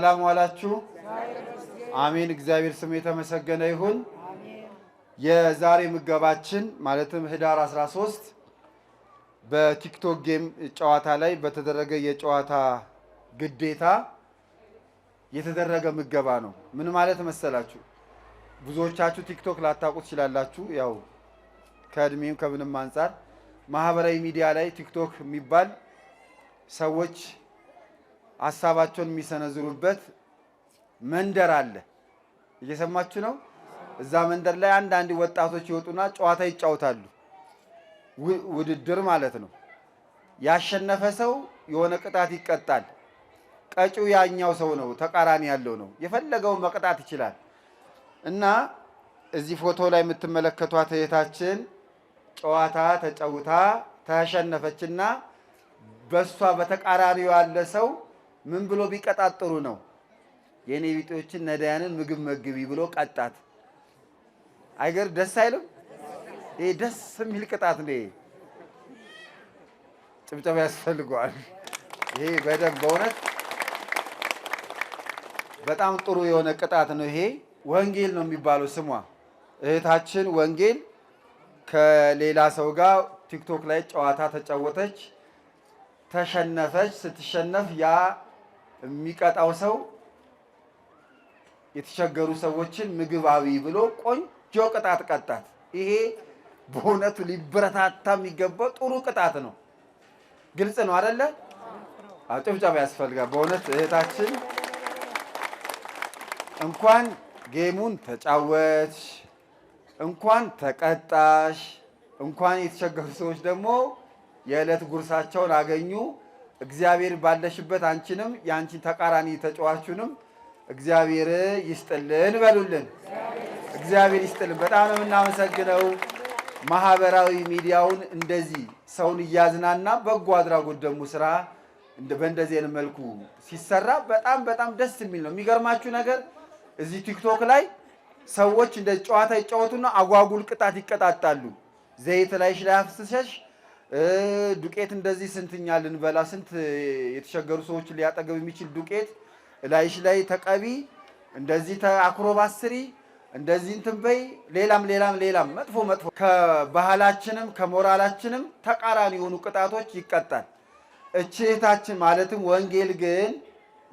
ሰላም ዋላችሁ። አሜን። እግዚአብሔር ስሙ የተመሰገነ ይሁን። የዛሬ ምገባችን ማለትም ህዳር 13 በቲክቶክ ጌም ጨዋታ ላይ በተደረገ የጨዋታ ግዴታ የተደረገ ምገባ ነው። ምን ማለት መሰላችሁ? ብዙዎቻችሁ ቲክቶክ ላታውቁ ትችላላችሁ። ያው ከእድሜም ከምንም አንጻር ማህበራዊ ሚዲያ ላይ ቲክቶክ የሚባል ሰዎች ሀሳባቸውን የሚሰነዝሩበት መንደር አለ። እየሰማችሁ ነው። እዛ መንደር ላይ አንዳንድ ወጣቶች ይወጡና ጨዋታ ይጫወታሉ። ውድድር ማለት ነው። ያሸነፈ ሰው የሆነ ቅጣት ይቀጣል። ቀጪው ያኛው ሰው ነው፣ ተቃራኒ ያለው ነው። የፈለገውን መቅጣት ይችላል እና እዚህ ፎቶ ላይ የምትመለከቷት እህታችን ጨዋታ ተጫውታ ተሸነፈችና በእሷ በተቃራኒው ያለ ሰው ምን ብሎ ቢቀጣት ጥሩ ነው? የኔ ቢጤዎችን ነዳያንን ምግብ መግቢ ብሎ ቀጣት። አይገር ደስ አይልም? ይሄ ደስ የሚል ቅጣት ነው። ጭብጨባ ያስፈልገዋል። ይሄ በደንብ በእውነት በጣም ጥሩ የሆነ ቅጣት ነው። ይሄ ወንጌል ነው የሚባለው ስሟ እህታችን ወንጌል ከሌላ ሰው ጋር ቲክቶክ ላይ ጨዋታ ተጫወተች፣ ተሸነፈች። ስትሸነፍ ያ የሚቀጣው ሰው የተቸገሩ ሰዎችን ምግብ ብሎ ቆንጆ ቅጣት ቀጣት። ይሄ በእውነቱ ሊበረታታ የሚገባው ጥሩ ቅጣት ነው። ግልጽ ነው አደለ? ጭብጨባ ያስፈልጋል። በእውነት እህታችን እንኳን ጌሙን ተጫወትሽ፣ እንኳን ተቀጣሽ፣ እንኳን የተቸገሩ ሰዎች ደግሞ የዕለት ጉርሳቸውን አገኙ። እግዚአብሔር ባለሽበት አንቺንም የአንቺን ተቃራኒ ተጫዋቹንም እግዚአብሔር ይስጥልን በሉልን። እግዚአብሔር ይስጥልን። በጣም ነው የምናመሰግነው። ማህበራዊ ሚዲያውን እንደዚህ ሰውን እያዝናና በጎ አድራጎት ደግሞ ስራ በእንደዚህ መልኩ ሲሰራ በጣም በጣም ደስ የሚል ነው። የሚገርማችሁ ነገር እዚህ ቲክቶክ ላይ ሰዎች እንደ ጨዋታ ይጫወቱና አጓጉል ቅጣት ይቀጣጣሉ። ዘይት ላይሽ ላይ አፍስሰሽ ዱቄት እንደዚህ ስንትኛ ልንበላ ስንት የተቸገሩ ሰዎች ሊያጠገብ የሚችል ዱቄት ላይሽ ላይ ተቀቢ፣ እንደዚህ አክሮባት ስሪ፣ እንደዚህ እንትን በይ፣ ሌላም ሌላም ሌላም መጥፎ መጥፎ ከባህላችንም ከሞራላችንም ተቃራኒ የሆኑ ቅጣቶች ይቀጣል። እችታችን ማለትም ወንጌል ግን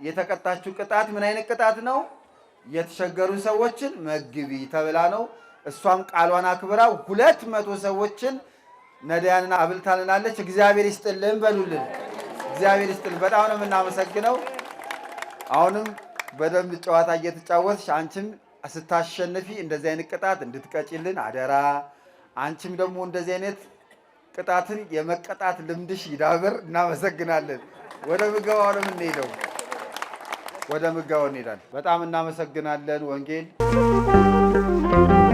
የተቀጣችው ቅጣት ምን አይነት ቅጣት ነው? የተቸገሩ ሰዎችን መግቢ ተብላ ነው። እሷም ቃሏን አክብራ ሁለት መቶ ሰዎችን ነዳያንን አብልታልናለች። እግዚአብሔር ይስጥልን በሉልን። እግዚአብሔር ይስጥልን። በጣም ነው የምናመሰግነው። አሁንም በደንብ ጨዋታ እየተጫወትሽ አንቺም ስታሸንፊ እንደዚህ አይነት ቅጣት እንድትቀጪልን አደራ። አንቺም ደግሞ እንደዚህ አይነት ቅጣትን የመቀጣት ልምድሽ ይዳብር። እናመሰግናለን። ወደ ምገባው ነው የምንሄደው። ወደ ምገባው እንሄዳለን። በጣም እናመሰግናለን ወንጌል